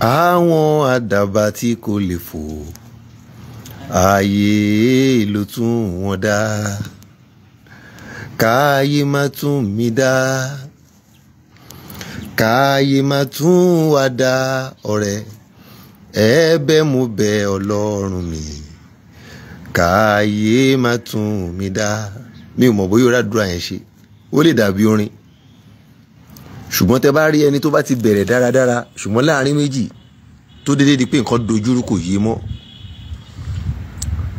àwọn àdàbà tí kò lè fò ààyè ló tún wọn dá káàyè má tún mi dá káàyè má tún wá dá ọ̀rẹ́ ẹ̀bẹ̀ mo bẹ̀ Ọlọ́run mi káàyè má tún mi dá mi ò mọ̀ bóyá ó rádùúrà yẹn ó lè dàbí orin ṣùgbọ́n tẹ bá rí ẹni tó bá ti bẹ̀rẹ̀ dáradára ṣùgbọ́n láàrin méjì tó déédéé di pé nǹkan dojúrú kò yé mọ́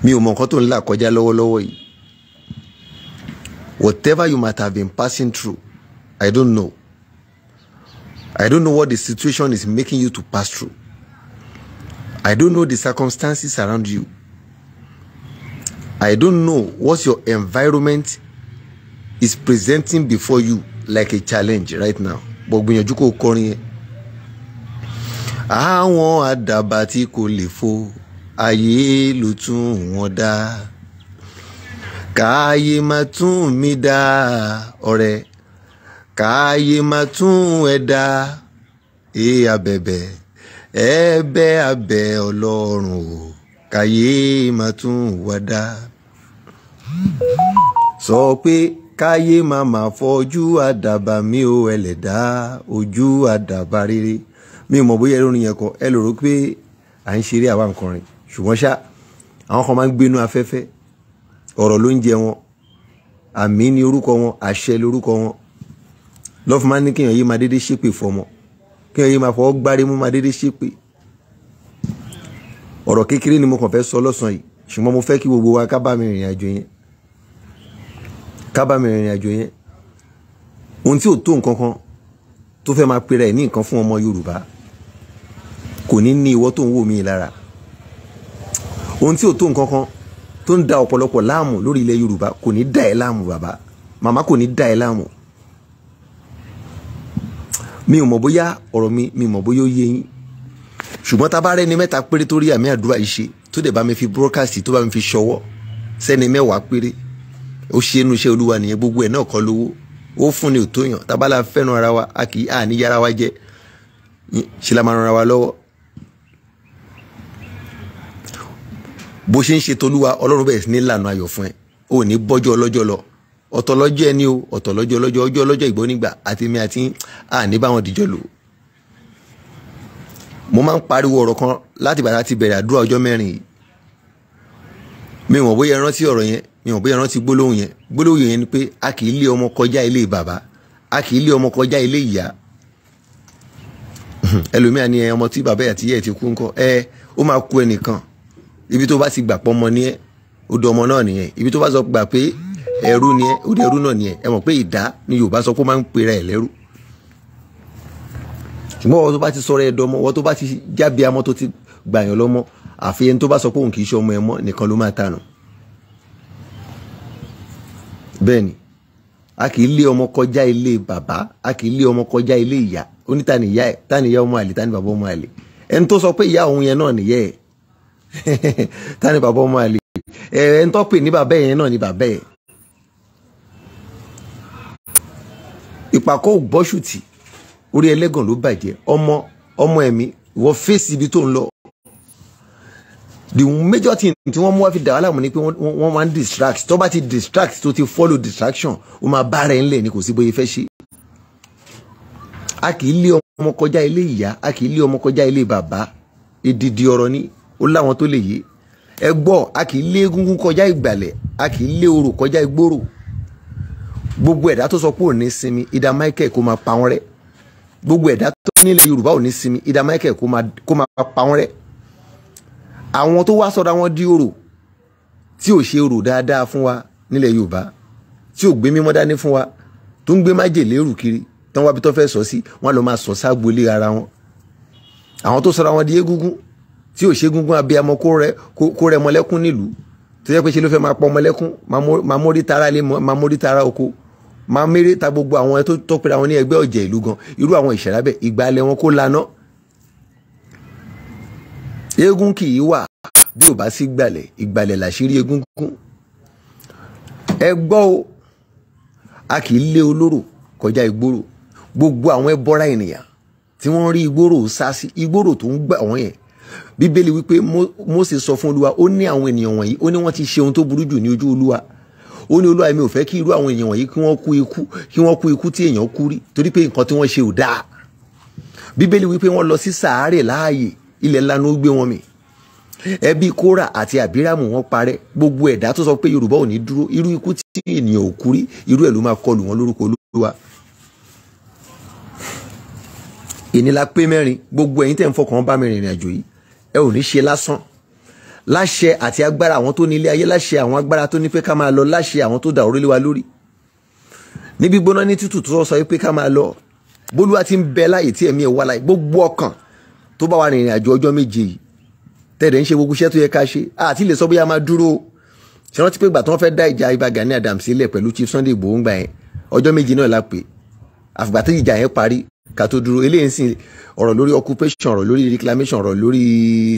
mi ò mọ nǹkan tó ń là kọjá lọ́wọ́lọ́wọ́ yìí whatever you might have been passing through I don't know I don't know what the situation is making you to pass through I don't know the circumstances around you I don't know what your environment is presenting before you like a challenge right now bọ̀ gbìyànjú kó kọrin yẹn. àwọn àdàbà tí kò lè fo ayé ló tún wọn dá káyé má tún mi dá ọ̀rẹ́ káyé má tún ẹ dá ẹ abẹ̀bẹ̀ ẹ bẹ̀ abẹ̀ ọlọ́run o káyé má tún wá dá sọ pé káyé máa mà fọjú àdàbà mi ò ẹlẹ́dá ojú àdàbà rere mi ò mọ̀ bóyá ẹlòrin yẹn kọ ẹ lòrò pé à ń ṣeré àwa nǹkan rìn ṣùgbọ́n ṣá àwọn kan máa ń gbénú afẹ́fẹ́ ọ̀rọ̀ ló ń jẹ wọn àmì ni orúkọ wọn àṣẹ lórúkọ wọn lọ́fù máa ń ní kéèyàn yé máa dédé ṣépè fọmọ kéèyàn yé máa fọwọ́ gbárí mú máa dédé ṣépè ọ̀rọ̀ kékeré ni mo kàn fẹ́ sọ lọ́sàn yìí ṣùgbọ́n mo fẹ́ kí gbogbo wa ká bá mi rìnrìn àjò yẹn kábàámi rìnrìn àjò yẹn ohun tí ò tó nǹkan kan tó fẹ́ máa pera ẹ̀ ní nǹkan fún ọmọ Yorùbá kò ní ní ìwọ tó ń wò mí lára ohun tí ò tó nǹkan kan tó ń da ọ̀pọ̀lọpọ̀ láàmú lórí ilẹ̀ Yorùbá kò ní da ẹ̀ láàmú bàbá màmá kò ní da ẹ̀ láàmú mi ò mọ̀ bóyá ọ̀rọ̀ mi mi mọ̀ bóyá ó yé yín ṣùgbọ́n tá a bá rẹ́ni mẹ́ta péré tó àmì àdúrà yìí ṣe tó dẹ̀ bá mi fi búrọ́kàsì tó bá mi fi ṣọwọ́ sẹ́ni mẹ́wàá péré ó ṣe inú iṣẹ́ olúwa nìyẹn gbogbo ẹ̀ náà kọ́ lówó ó fún ni òtó yàn tábàlà fẹ́ràn ara wa a kì í àní yára wa jẹ ṣe la máa ran ara wa lọ́wọ́ bó ṣe ń ṣe tolúwa ọlọ́run bẹ̀rẹ̀ sí ní lànà ayọ̀ fún ẹ ò ní bọ́jọ́ ọlọ́jọ́ lọ ọ̀tọ̀ lọ́jọ́ ẹni o ọ̀tọ̀ lọ́jọ́ ọlọ́jọ́ ọjọ́ ọlọ́jọ́ ìgbọ́ nígbà àti mi àti àní báwọn dìjọ́ lò mo máa ń pariwo ọ̀rọ̀ kan láti bàtà ti bẹ̀rẹ̀ àdúrà ọjọ́ mẹ́rin yìí mi ò mọ̀ bóyá ẹ rántí ọ̀rọ̀ yẹn ìwọ̀n bóyá rántí gbólóhùn yẹn gbólóhùn yẹn ni pé a kì í lé ọmọ kọjá ilé bàbá a kì í lé ọmọ kọjá ilé ìyá ẹlòmíà ni ọmọ tí bàbá àti ìyá ẹ ti kú ńkọ́ ẹ ó máa kú ẹnìkan ibi tó bá ti gbà pọ́ ọmọ ni ẹ ó dọ ọmọ náà nìyẹn ibi tó bá sọ gbà pé ẹrú ni ẹ ó dẹ ẹrú náà nìyẹn ẹ mọ̀ pé ìdá ni Yorùbá sọ pé ó máa ń pera ẹ̀ lẹ́rú ṣùgbọ́n ọwọ́ tó bá ti sọ̀rọ̀ ẹ̀ dọmọ ọwọ́ tó bá ti jábí amọ́ tó ti gbàyàn lọ́mọ àfi ẹni tó bá sọ pé òun kì í ṣe ọmọ ẹ mọ́ nìkan ló máa tanù bẹ́ẹ̀ni a kì í lé ọmọ kọjá ilé bàbá a kì í lé ọmọ kọjá ilé ìyá onítàníyá ẹ tàníyá ọmọ àlè tàní bàbá ọmọ àlè ẹni tó sọ pé ìyá òun yẹn náà nìyẹ ẹ tàní bàbá ọmọ àlè ẹ ẹni tó pè ní bàbá yẹn náà ni bàbá yẹn. ìpàkọ́ ògbọ́sùtì orí ẹlẹ́gàn ló bàjẹ́ ọmọ ọmọ ẹ̀mí wọ́n fèsì ibi tó ń lọ the major thing tí wọ́n mú wá fi dà wá láàmú ni pé wọ́n máa ń distract tó bá ti distract tó ti follow distraction ó máa bá rẹ̀ ńlẹ̀ ni kò sí bóyá fẹ́ ṣe. a kì í lé ọmọ kọjá ilé ìyá a kì í lé ọmọ kọjá ilé bàbá èdìdì ọ̀rọ̀ ni ó láwọn tó lè yé ẹ gbọ́ a kì í lé egungun kọjá ìgbàlẹ̀ a kì í lé orò kọjá ìgboro gbogbo ẹ̀dá tó sọ pé ò ní sinmi ìdá Michael kó máa pa wọn rẹ́ gbogbo ẹ̀dá tó nílẹ̀ Yorùbá ò ní sinmi ìdá Michael kó máa pa wọn rẹ́ àwọn tó wá sọra wọn di orò tí ò ṣe orò dáadáa fún wa nílẹ̀ Yorùbá tí ò gbé mímọ́ dání fún wa tó ń gbé májèlé rù kiri tán wábi tó fẹ́ sọ sí wọn lọ máa sọ ságbolé ara wọn àwọn tó sọra wọn di egúngún tí ò ṣe egúngún abiyamọ kó rẹ mọlẹ́kún nílùú tó yẹ pé ṣe ló fẹ́ máa pọ mọlẹ́kún máa mórí tara lé máa mórí tara oko máa mérè ta gbogbo àwọn tó tọ́pẹ́ra wọn ní ẹgbẹ́ ọ̀jẹ̀ ìlú gan irú àwọn ìṣẹ̀rábẹ̀ eégún kì í wà bí ò bá sí gbàlẹ̀ ìgbàlẹ̀ làṣírí egúngún ẹ gbọ́ o a kì í lé olóró kọjá ìgboro gbogbo àwọn ẹbọra ènìyàn tí wọ́n rí ìgboro sá sí ìgboro tó ń gbà wọ́n yẹn bíbélì wípé Mósè sọ fún olúwa ó ní àwọn ènìyàn wọ̀nyí ó ní wọ́n ti ṣe ohun tó burú jù ní ojú olúwa ó ní olúwa mi ò fẹ́ kí irú àwọn èèyàn wọ̀nyí kí wọ́n kú ikú kí wọ́n kú ikú tí èèyàn kú rí torí pé nǹkan tí wọ́n ṣe ò dáa bíbélì wípé wọ́n lọ sí sàárè láàyè ilẹ̀ ńlá ni ó gbé wọn mì ẹbí kóra àti àbírámù wọn parẹ́ gbogbo ẹ̀dá tó sọ pé yorùbá ò ní dúró irú ikú tí ènìyàn ò kú rí irú ẹ̀ ló máa kọlù wọn lórúkọ olúwa ìnira pé mẹ́rin gbogbo ẹ̀yin tẹ́ ń fọkàn bá mi rìnrìn àjò yìí ẹ ò ní ṣe lásán láṣẹ àti agbára àwọn tó ní ilé ayé láṣẹ àwọn agbára tó ní pé ká máa lọ láṣẹ àwọn tó dà orílẹ̀ wa lórí níbi gbóná ní tútù tó sọ pé ká máa lọ bólúwa ti ń bẹ láàyè tí ẹ̀mí ẹ̀ wá láyé gbogbo ọkàn tó bá wà ní ìrìn àjò ọjọ́ méje yìí tẹ̀dẹ̀ ń ṣe gbogbo iṣẹ́ tó yẹ ká ṣe àti lè sọ bóyá máa dúró ṣe rántí pé ìgbà tí wọ́n fẹ́ dá ìjà Ìbà Gani Adams sílẹ̀ pẹ̀lú Chief Sunday Igboho ń gbà yẹn ọjọ́ méje náà la pè àfìgbà tí ìjà yẹn parí ká tó dúró eléyìí ń sìn ọ̀rọ̀ lórí occupation ọ̀rọ̀ lórí reclamation ọ̀rọ̀ lórí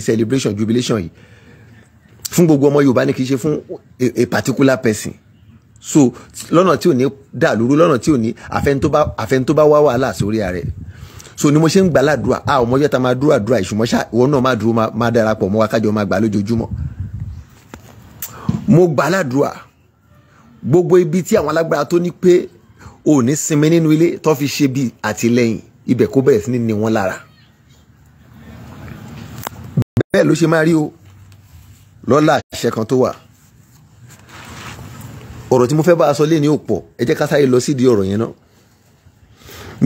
celebration jubilation yìí fún gbogbo ọmọ Yorùbá ni kì í ṣe fún a particular person so lọ́nà tí ò ní dàlúrú lọ́nà tí ò ní àfẹn tó bá wá wàhálà sórí ààrẹ so ni mo ṣe ń gbà ládùúrà a ò mọjọ́ ta máa dúró àdúrà ìṣùmọ́ ṣá ìwọ náà má dúró má darapọ̀ mọ́ wa kájọ máa gbà lójoojúmọ́ mo gbà ládùúrà gbogbo ibi tí àwọn alágbára tó ní pé ò ní sinmi nínú ilé tó fi ṣe bí àtìlẹ́yìn ibẹ̀ kó bẹ̀rẹ̀ sí ni wọ́n lára bẹ́ẹ̀ ló ṣe máa rí o lọ́la àṣẹ kan tó wà ọ̀rọ̀ tí mo fẹ́ bá a sọ lé ní òpọ̀ ẹ jẹ́ ká sáré lọ sídìí ọ̀rọ̀ yẹn náà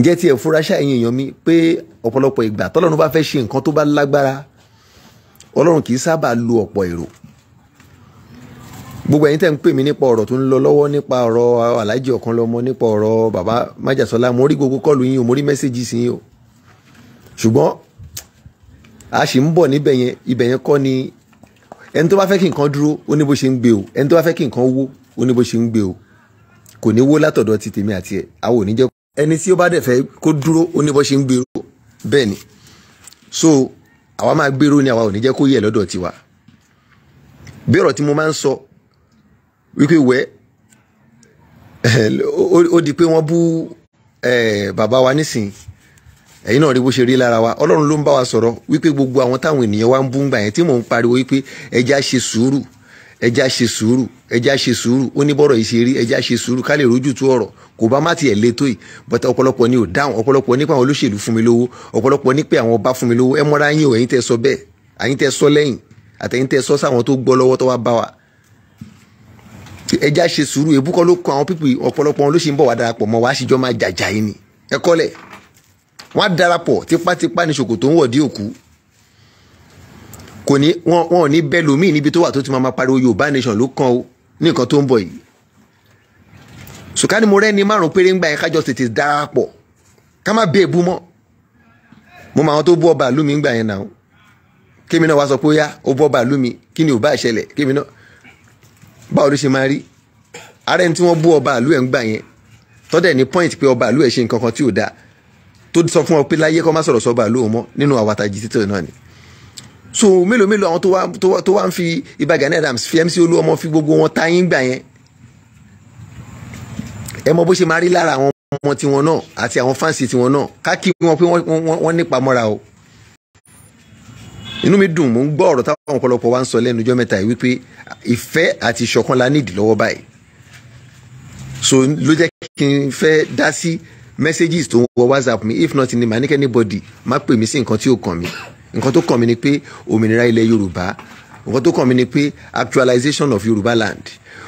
ǹjẹ́ tí ẹ fura ṣáà yín èèyàn mi pé ọ̀pọ̀lọpọ̀ ìgbà tọ́lọ́run bá fẹ́ ṣe nǹkan tó bá lágbára ọlọ́run kì í sábà lo ọ̀pọ̀ èrò gbogbo ẹ̀yin tẹ́ ń pè mí nípa ọ̀rọ̀ tó ń lọ lọ́wọ́ nípa ọ̀rọ̀ aláàjì ọ̀kan lọ́mọ nípa ọ̀rọ̀ bàbá májàsọ́lá mo rí gbogbo kọ́ọ̀lù yín o mo rí mẹ́sẹ̀gì sí yín o ṣùgbọ́n a sì ń bọ̀ níbẹ̀ yẹn ibẹ̀ yẹn kọ́ ni ẹni tó bá fẹ́ kí nǹkan dúró ó ní bó ṣe ń gbé o ẹni tó bá fẹ́ kí nǹkan wó ó ní bó ṣe ń gbé o kò ní wó látọ̀dọ̀ ti tèmi àti ẹ̀ àwọn ò ní jẹ́ ẹni tí ó bá dẹ̀ fẹ́ kó dúró ó ní bó ṣe ń gbèrò bẹ́ẹ̀ ni so àwa máa gbèrò ni àwa ò ní jẹ́ kó yẹ lọ́dọ̀ tiwa bí ọ̀rọ̀ tí mo máa ń sọ wípé wẹ́ eh, ó di pé wọ́n bú eh, bàbá wa nísìn ẹ̀yin náà rí bó ṣe rí lára wa ọlọ́run ló ń bá wa sọ̀rọ̀ wípé gbogbo àwọn táwọn ènìyàn wa ń bú ń gbà yẹn tí mò ń pariwo wípé ẹja ṣe sùúrù ẹja ṣe sùúrù ẹja ṣe sùúrù ó ní bọ́rọ̀ yìí ṣe rí ẹja ṣe sùúrù ká lè rójú tú ọ̀rọ̀ kò bá má tiẹ̀ lé tó yìí bọ́tà ọ̀pọ̀lọpọ̀ ni ò dáhùn ọ̀pọ̀lọpọ̀ nípa àwọn olóṣèlú fún mi lówó ọ̀pọ̀lọpọ̀ nípa àwọn ọba fún mi lówó ẹ mọ́ra yín o ẹ̀yin tẹ́ sọ bẹ́ẹ̀ àyín tẹ́ sọ lẹ́yìn àtẹ̀yìn tẹ́ sọ sáwọn tó gbọ́ lọ́wọ́ tó wá bá wa ẹja ṣe sùúrù èbú ló kọ àwọn pípì ọ̀pọ̀lọpọ̀ wọn ló ṣe ń bọ̀ wá darapọ̀ mọ́ wá síjọ́ máa jàjà yín ni ẹ kọ́lẹ̀ wọ́n á darapọ̀ tipátipá ní ṣòkòtò ń wọ̀ òkú kò ní wọn wọn ò ní bẹ́ẹ̀ lómi níbi tó wà tó ti máa pariwo yorùbá nation ló kàn ó ní nǹkan tó ń bọ̀ yìí sùkánì mo rẹ́ni márùn péré ń gbà yẹn kájọ tètè darapọ̀ ká má bẹ́ẹ̀ bú mọ́ mo máa wọn tó bú ọba àlùmí ń gbà yẹn náà kémi náà wá sọ pé ó yá ó bú ọba àlùmí kí ni ò bá ṣẹlẹ̀ kémi náà báwo ló ṣe máa rí ara ẹni tí wọ́n bú ọba àlù ẹ̀ ń gbà yẹn tọ́dẹ̀ ní point pé ọba àlù ẹ̀ ṣe nǹkan kan tí ò dáa tó sọ fún ọ pé láyé kọ́ má sọ̀rọ̀ sọ ọba àlù òun mọ́ nínú àwàtàjì títọ̀ náà ni so mélòó mélòó àwọn tó wá tó wá tó wá ń fi Ìbà Gani Adams fi MC Olúọmọ fi gbogbo wọn ta yín gbà yẹn ẹ mọ bó ṣe máa rí lára àwọn ọmọ tiwọn náà àti àwọn fáǹsì tiwọn náà ká kí wọn pé wọ́n nípa mọ́ra o inú mi dùn mò ń gbọ́ ọ̀rọ̀ táwọn ọ̀pọ̀lọpọ̀ wa ń sọ lẹ́nu ọjọ́ mẹ́ta yìí wípé ìfẹ́ àti ìṣọ̀kan la nídìí lọ́wọ́ báyìí so ló jẹ́ kí n fẹ́ dá sí messages tó ń wọ WhatsApp mi if not in the ní anybody má pè mí sí nǹkan tí ò kàn mí nǹkan tó kàn mí ni pé òmìnira ilẹ̀ yorùbá nǹkan tó kàn mí ni pé actualization of yorùbá land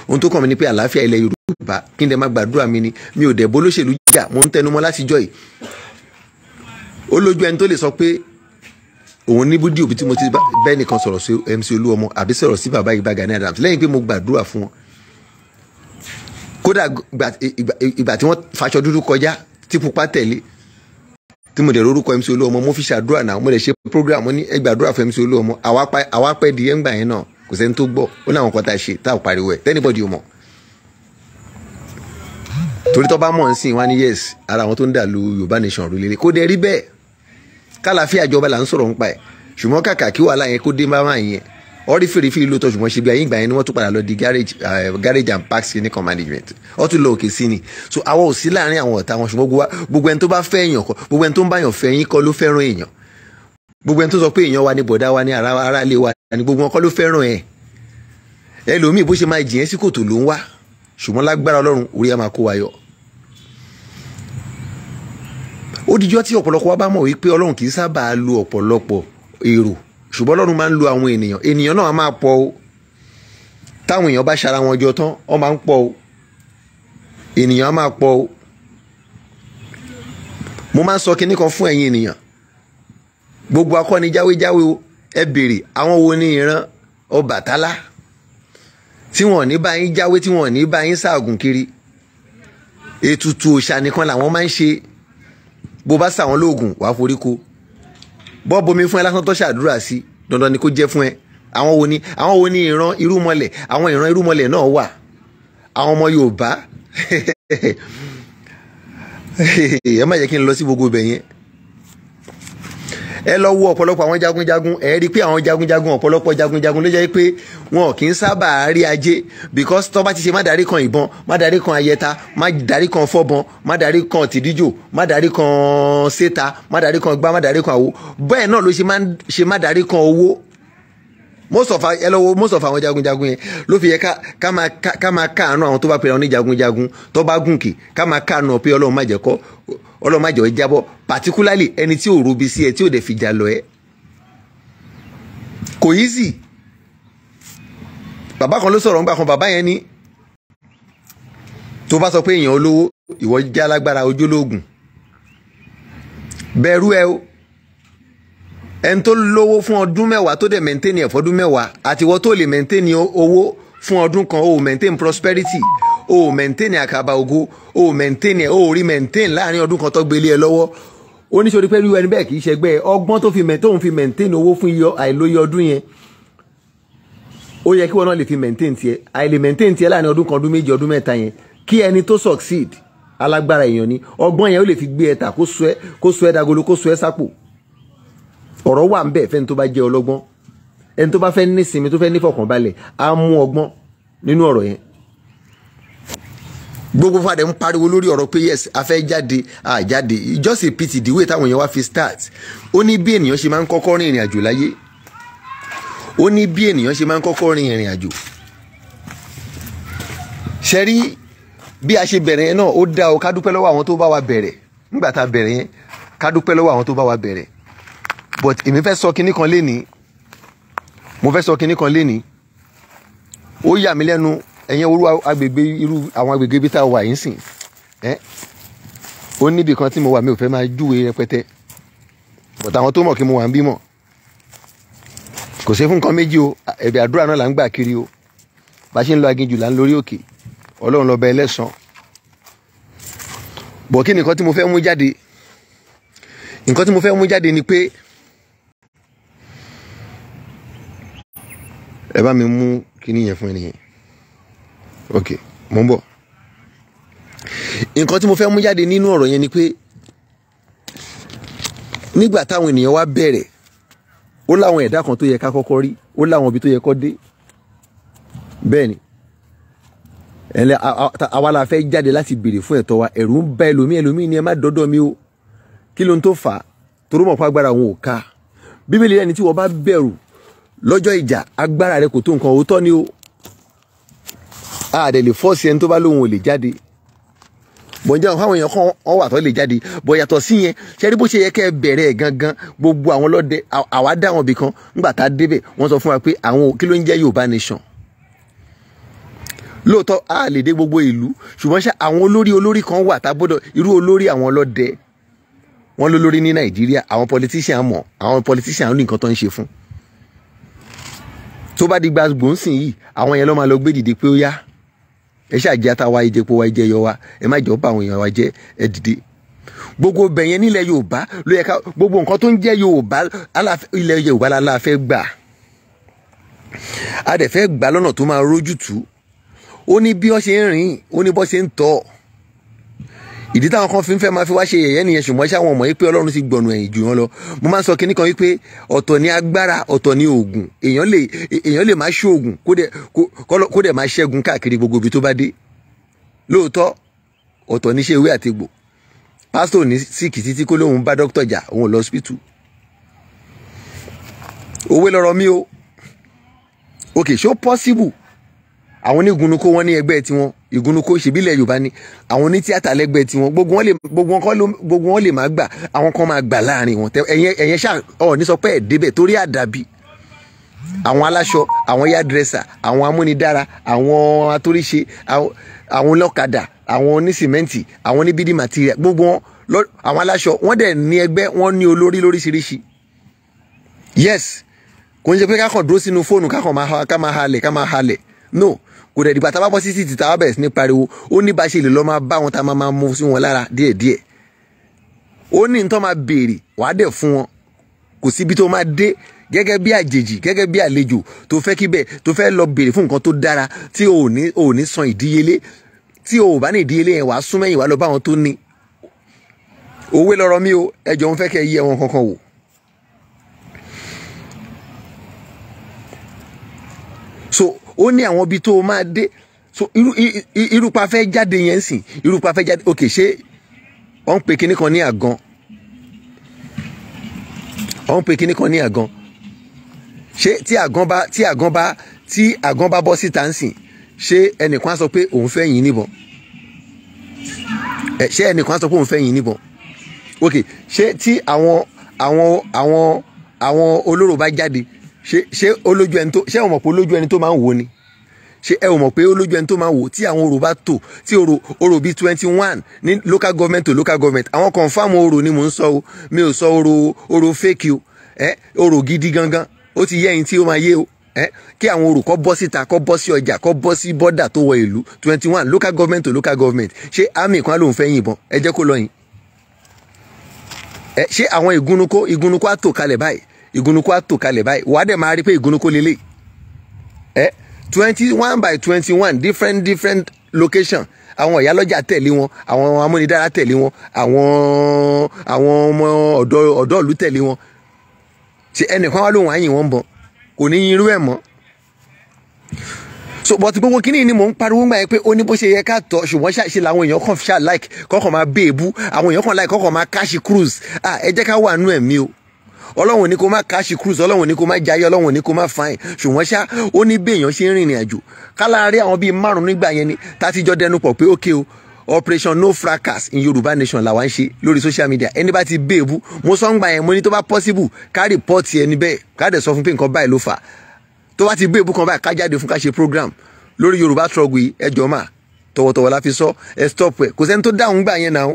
ohun tó kàn mí ni pé àlàáfíà ilẹ̀ yorùbá kí n dẹ̀ má gbàdúrà mi ni mi ò dẹ̀ bólóṣèlú jà mo ń tẹnumọ́ látijọ́ yìí ó lójú ẹni tó lè sọ pé òun ní búdí òbí tí mo ti bẹ́ẹ̀ nìkan sọ̀rọ̀ sí MC Olúọmọ àbí sọ̀rọ̀ sí bàbá Ìbà Gani Adams lẹ́yìn pé mo gbàdúrà fún wọn kódà ìgbà tí wọ́n faṣọ dúdú kọjá tí pupa tẹ̀lé tí mo dẹ̀ lórúkọ MC Olúọmọ mo fi ṣàdúrà náà mo dẹ̀ ṣe program ní ẹgbàdúrà fún MC Olúọmọ àwa pẹ́ di ẹ̀ngbà yẹn náà kò sẹ́ni tó gbọ́ ó láwọn kan tá a ṣe tá a pariwo ẹ̀ tẹ́nibọ́dì ò mọ̀ torí tó bá mọ̀ ń sìn wá ní yes ara àwọn tó ń dàlú Yorùbá nation rú lélẹ̀ kó dẹ̀ rí bẹ́ẹ̀ kálàáfíà ìjọba là ń sọ̀rọ̀ nípa ẹ̀ ṣùgbọ́n kàkà kí wàhálà yẹn kó dé má má yẹn wọ́n rí fèrèfèrè lóòótọ́ ṣùgbọ́n ṣe bí ayé ìgbà yẹn ni wọ́n tún padà lọ di garage uh, garage and parks ní kan management wọ́n tún lọ òkè sí ni so àwọn ò sí láàrin àwọn ọ̀tá wọn ṣùgbọ́n gbogbo ẹni tó bá fẹ́ èèyàn kọ́ gbogbo ẹni tó ń báyàn fẹ́ yín kọ́ ló fẹ́ràn èèyàn gbogbo ẹni tó sọ pé èèyàn wa ni bọ̀dá wa ni ara ara ilé wa ni gbogbo wọn kọ́ ló fẹ́ràn ẹ̀ ẹlòmíì bó ṣe máa jìyẹn sí kòtò ló ń wá ṣùgbọ́n lágbára ọlọ́run orí á máa kó wa yọ ó tí ọ̀pọ̀lọpọ̀ wa bá mọ̀ wípé ọlọ́run kì í sábà lo ọ̀pọ̀lọpọ̀ èrò ṣùgbọ́n ọlọ́run máa ń lu àwọn ènìyàn ènìyàn náà máa pọ̀ o táwọn èèyàn bá ṣara wọn jọ tán wọ́n máa ń pọ̀ o ènìyàn máa pọ̀ o mo máa ń sọ kinní kan fún ẹ̀yin ènìyàn gbogbo akọni jáwéjáwé o ẹ bèrè àwọn wo ni ìran Ọbàtálá tí wọn ò ní bá yín jáwé tí wọn ò ní bá yín ṣaàgùn kiri ètùtù òòṣà nìkan làwọn máa ń ṣe bó bá ṣàwọn lóògùn wàá forí ko bọ́ bomi fún ẹ lásán tó ṣàdúrà sí dandan ni kó jẹ́ fún ẹ àwọn wo ni àwọn wo ni ìran irúmọlẹ̀ àwọn ìran irúmọlẹ̀ náà wà àwọn ọmọ Yorùbá ẹ má jẹ́ kí n lọ sí gbogbo ibẹ̀ yẹn ẹ lọ wo ọ̀pọ̀lọpọ̀ àwọn jagunjagun ẹ rí i pé àwọn jagunjagun ọ̀pọ̀lọpọ̀ jagunjagun ló jẹ́ pé wọn kì í sábà rí ajé because tó bá ti ṣe má darí kan ìbọn má darí kan ayẹta má darí kan fọ́bọn má darí kan tìdíjò má darí kan séta má darí kan gbá má darí kan àwo bẹ́ẹ̀ náà ló ṣe má darí kan owó most of ẹ lọ most of àwọn jagunjagun yẹn ló fi kama kama máa ká máa káàánú àwọn tó bá pèrè àwọn ní jagunjagun tó bá gùnkè ká máa káàánú pé ọlọ́run má jẹ́ kọ́ ọlọ́run má jẹ́ ọ jábọ́ particularly ẹni tí ò robi sí ẹ tí ò dẹ̀ fi jà lọ ẹ. kò easy bàbá kan ló sọ̀rọ̀ ńgbà kan bàbá yẹn ní tó bá sọ pé èèyàn olówó ìwọ jẹ́ alágbára ojúlóògùn bẹ̀rù ẹ o ẹni tó lówó fún ọdún mẹ́wàá tó dẹ̀ maintain ẹ̀ fọ́dún mẹ́wàá àtiwọ́ tó lè maintain owó fún ọdún kan o maintain prosperity o maintain àkàbà ògo o maintain ẹ̀ o rí maintain láàrin ọdún kan tó gbélé ẹ lọ́wọ́ oníṣòrí pẹ́ wíwẹ́ni bẹ́ẹ̀ kì í ṣẹgbẹ́ ọgbọ́n tó fi tóun fi maintain owó fún iyọ àìlóye ọdún yẹn ó yẹ kí wọn náà lè fi maintain tiẹ àìlè maintain tiẹ láàrin ọdún kan ọdún méjì ọdún mẹ́ta yẹn kí ẹni tó succeed alágbára èèyàn ni ọgbọ́n yẹn ó lè fi gbé dagolo kó sọ ẹ ọ̀rọ̀ wà ń bẹ̀ fẹ́ni tó bá jẹ́ ọlọ́gbọ́n ẹni tó bá fẹ́ ní sinmi tó fẹ́ ní fọkànbalẹ̀ á mú ọgbọ́n nínú ọ̀rọ̀ yẹn gbogbo fàdé ń pariwo lórí ọ̀rọ̀ pé yes a fẹ́ jáde a jáde just a pity the way táwọn èèyàn wá fi start ó ní bí ènìyàn ṣe máa ń kọ́kọ́ rin ìrìn àjò láyé ó ní bí ènìyàn ṣe máa ń kọ́kọ́ rin ìrìn àjò ṣe rí bí a ṣe bẹ̀rẹ̀ yẹn náà ó dá o ká dúpẹ́ lọ́wọ́ àwọn tó bá wa bẹ̀rẹ̀ nígbà tá a bẹ̀rẹ̀ yẹn ká dúpẹ́ lọ́wọ́ àwọn tó bá wa bẹ̀rẹ̀ but èmi fẹ́ sọ kinní kan lénìí mo fẹ́ sọ kinní kan lénìí ó yà mí lẹ́nu ẹ̀yẹn orú agbègbè irú àwọn agbègbè ibi tá a wà yín sìn ẹ́ ó níbi kan tí mo wà mi ò fẹ́ máa júwe rẹpẹtẹ but àwọn tó mọ̀ kí mo wà ń bímọ kò sí fún nǹkan méjì o ẹ̀bẹ̀ àdúrà náà là ń gbà kiri o bá ṣe ń lọ aginjù là ń lórí òkè ọlọ́run lọ́ba ẹlẹ́sàn bọ̀ kí nìkan tí mo fẹ́ mú jáde nǹkan tí mo fẹ́ mú jáde ni pé ẹ bá mi mú kíní yẹn fún ẹnìyẹn ok mò ń bọ̀ nǹkan tí mo fẹ́ mú jáde nínú ọ̀rọ̀ yẹn ni pé nígbà táwọn ènìyàn wá bẹ̀rẹ̀ ó láwọn ẹ̀dá kan tó yẹ ká kọ́kọ́ rí ó láwọn ibi tó yẹ kó dé bẹ́ẹ̀ ni ẹnlẹ àwa la fẹ́ jáde láti béèrè fún ẹ̀tọ́ wa ẹ̀rù ń ba ẹlòmíì ẹlòmíì ni ẹ má dọ́dọ̀ mi o kí ló ń tó fà á torí mọ̀ fún agbára òun ò ká bíbélì ẹni tí wọ́n bá bẹ̀rù lọ́jọ́ ìjà agbára rẹ kò tó nǹkan òótọ́ ni o àdè lè fọ́ọ̀sì ẹni tó bá lóun ò lè jáde bọ̀njẹ́ àwọn àwọn èèyàn kan wọ́n wà tó lè jáde bọ̀ yàtọ̀ sí yẹn ṣẹ́rí bó ṣe yẹ kẹ́ ẹ bẹ̀rẹ̀ ẹ̀ gangan gbogbo àwọn lọ́dẹ àwa dá àwọn ibìkan ńgbà tá a débẹ̀ wọ́n sọ fún wa pé àwọn kí ló ń jẹ́ Yorùbá nation lóòótọ́ a lè dé gbogbo ìlú ṣùgbọ́n ṣá àwọn olórí olórí kan wà tá a gbọ́dọ̀ irú olórí àwọn ọlọ́dẹ wọ́n lólórí ní Nàìjíríà àwọn politician mọ̀ àwọn politician ní nǹkan tó ń ṣe fún tó bá di gbàgbọ́n sìn yìí àwọn yẹn ló máa lọ gbé dìde pé ó yá ẹ ṣàjẹ́ àtàwa ìjẹpo wa ìjẹ yọ wa ẹ má jẹ́ ọ̀pọ̀ àwọn èèyàn wa jẹ́ ẹ dìde gbogbo bẹ̀yẹn nílẹ̀ Yorùbá ló yẹ ká gbogbo nǹkan tó ń jẹ́ Yorùbá ilẹ̀ Yorùbá la fẹ́ gbà a dẹ̀ fẹ́ gbà lọ́nà tó máa rójútùú ó ní bí wọ́n ṣe ń rìn ó ní bọ́ ṣe ń tọ́ ọ ìdí táwọn kan fi ń fẹ́ máa fi wá ṣe yẹ̀yẹ́ nìyẹn ṣùgbọ́n ṣáwọn ọmọ yìí pé ọlọ́run ti gbọ̀nù ẹ̀yìn jù wọn lọ mo máa ń sọ kinní kan wípé ọ̀tọ̀ ni agbára ọ̀tọ̀ ni oògùn èèyàn lè èèyàn lè máa ṣe oògùn kó dẹ̀ máa ṣẹ́gun káàkiri gbogbo ibi tó bá dé lóòótọ́ ọ̀tọ̀ ní ṣe ewé àtegbò pásítọ̀ ní síkì títí kó lóun bá dókítà jà òun lọ hospital òwe lọ̀rọ̀ mi o okay ṣó possible àwọn onígunnukó wọn ní ẹgbẹ́ tiwọn ìgunnukó ṣèbílẹ̀ yorùbá ni àwọn onítìátà lẹ́gbẹ́ tiwọn gbogbo wọn lè máa gbà àwọn kan máa gbà láàrin wọn ẹ̀yẹn ṣáà ọ̀ ní sọ pé ẹ̀ débẹ̀ torí àdàbí àwọn aláṣọ àwọn yádrẹsà àwọn amúnidára àwọn atóríṣe àwọn ọlọ́kadà àwọn onísìmẹ́ǹtì àwọn oníbídì màtíríà gbogbo wọn àwọn aláṣọ wọn dẹ̀ ní ẹgbẹ́ wọn ní olórí lóríṣiríṣi yes kò ń ṣe pé kákan dúró sínú fóònù kákan máa halẹ̀ ká máa halẹ̀ no kò dẹ̀ dìgbà tá a bá bọ́ sí títì tá a bẹ̀rẹ̀ sí ní pariwo ó ní bá ṣe lè lọ máa bá wọn tá a máa mú sí wọn lára díẹ̀díẹ̀ ó ní nǹkan máa béèrè wàá dẹ̀ fún wọn kò síbi tó máa dé gẹ́gẹ́ bí àjèjì gẹ́gẹ́ bí àlejò tó fẹ́ kíbẹ̀ tó fẹ́ lọ béèrè fún nǹkan tó dára tí o ò ní o ò ní san ìdíyelé tí o ò bá ní ìdíyelé yẹn wàá sún mẹ́yìn wàá lọ bá wọn tó ní òwe lọ́rọ̀ mi o ẹjọ́ ń fẹ́ kẹ́ yẹ wọn kankan wò. so ó ní àwọn ibi tó o máa dé so irú irúpa fẹ́ jáde yẹn sìn irúpa fẹ́ jáde ok ṣé wọ́n ń pè kinní kan ní àgàn wọ́n ń pè kinní kan ní àgàn ṣé tí àgàn bá tí àgàn bá tí àgàn bá bọ́ síta ń sìn ṣé ẹnìkan á sọ pé òun fẹ́ yìn níbọn ṣé ẹnìkan á sọ pé òun fẹ́ yìn níbọn ok ṣé tí àwọn àwọn àwọn àwọn olóró bá jáde ṣé ṣé olójú ẹni tó ṣé ẹ mọ̀ olójú ẹni tó máa ń wò ni ṣé ẹ mọ̀ pé olójú ẹni tó máa ń wò tí àwọn orò bá tò tí orò orò bíi twenty one ní local government to local government àwọn confam orò ni mò ń sọ o mi ò sọ orò orò fake o ẹ orò gidi gangan ó ti yẹ ẹyin tí ó máa yé o ẹ kí àwọn orò kọ́ bọ́ síta kọ́ bọ́ sí ọjà kọ́ bọ́ sí bọ́dà tó wọ ìlú twenty one local government to local government ṣé army kan ló ń fẹ́ yìnbọn ẹ jẹ́ kó lọ yìn ẹ ṣé àwọn ìgúnnukó ìgúnnukó á kalẹ̀ báyìí ìgúnnukú á tò báyìí wàá dẹ̀ máa rí pé ìgúnnukú lélẹ̀ ẹ twenty one by twenty one different different location àwọn ìyálọ́jà tẹ̀lé wọn àwọn amúnidára tẹ̀lé wọn àwọn àwọn ọmọ ọ̀dọ́ ọ̀dọ́ ìlú tẹ̀lé wọn ṣe ẹnìkan wá lóhùn àyìn wọn bọ̀ kò ní irú ẹ̀ mọ́ so but gbogbo kínní ni mò ń pariwo gbà yẹn pé ó ní bó ṣe yẹ ká tọ ṣùgbọ́n ṣàṣe làwọn èèyàn kàn ṣá like kọ́kàn máa béèbú àwọn èèyàn kàn like kọ́kàn máa káṣí cruise ah ẹ jẹ́ ká wà nú ẹ̀mí o ọlọ́run ní kó má káṣí cruise ọlọ́run ní kó má jayé ọlọ́run ní kó má fine ṣùgbọ́n ṣá ó ní béèyàn ṣe ń rìnrìn àjò kálárí àwọn bíi márùn nígbà yẹn ni tátijọ́ dẹnu pọ̀ pé ókè o operation no fracas in Yoruba nation làwa ń ṣe lórí social media ẹni bá ti béèbú mo sọ ń gbà yẹn mo ní tó bá possible ká rìpọ́ọ̀tì ẹni bẹ́ẹ̀ ká dẹ̀ sọ fún pé nǹkan báyìí ló fà á tó bá ti béèbú kan báyìí ká jáde fún ká ṣe program lórí Yoruba struggle yìí ẹjọ́ mà tọwọ́tọwọ́ la fi sọ ẹ stop ẹ kò sẹ́ni tó dáhùn gbà yẹn náà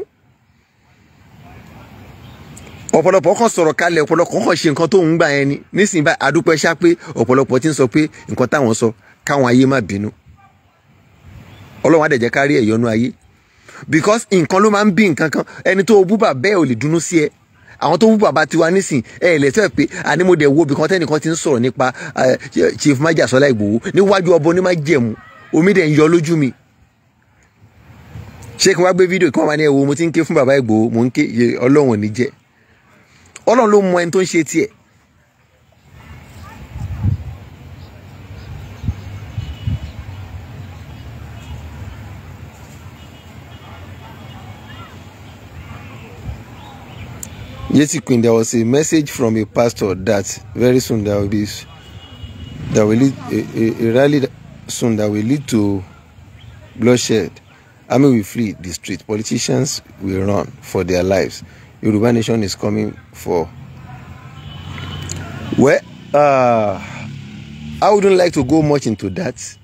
ọ̀pọ̀lọpọ̀ kan sọ̀rọ̀ kalẹ̀ ọ̀pọ̀lọpọ̀ kan ṣe nǹkan tó ń gbà yẹn ni nísìnyí báyìí adúpẹ́ ṣá pé ọ̀pọ̀lọpọ̀ ti ń sọ pé nǹkan táwọn sọ káwọn ayé má bínú ọlọ́run àdẹ̀jẹ́ kárí ẹ̀yọ́nú ayé because nǹkan ló máa ń bí nǹkan kan ẹni tó bú bàbá ẹ̀ ò lè dùnnú sí ẹ àwọn tó bú bàbá tiwa nísìn ẹ ẹ lẹsẹ pé ànímọdé wo bìkan tẹnìkan ti ń sọ̀rọ̀ nípa Chief Májàsọ́lá Ìgbòho níwájú ọbọ onímájẹmú omi dẹ̀ ń yọ lójú mi ṣé kí wọ́n gbé fídíò kí wọ́n máa ní ẹ̀wò mo ti ń ké fún bàbá Ìgbòho mo ń ké ọlọ́run ò ọlọ́run ló mọ ẹni tó ń ṣe tiẹ̀. Yeti Queen, there was a message from a pastor that very soon there will be there will lead a, a, a rally soon that will lead to bloodshed. Army will flee the street. Politicians will run for their lives. Yoruba nation is coming for. Well, uh, I wouldn't like to go much into that,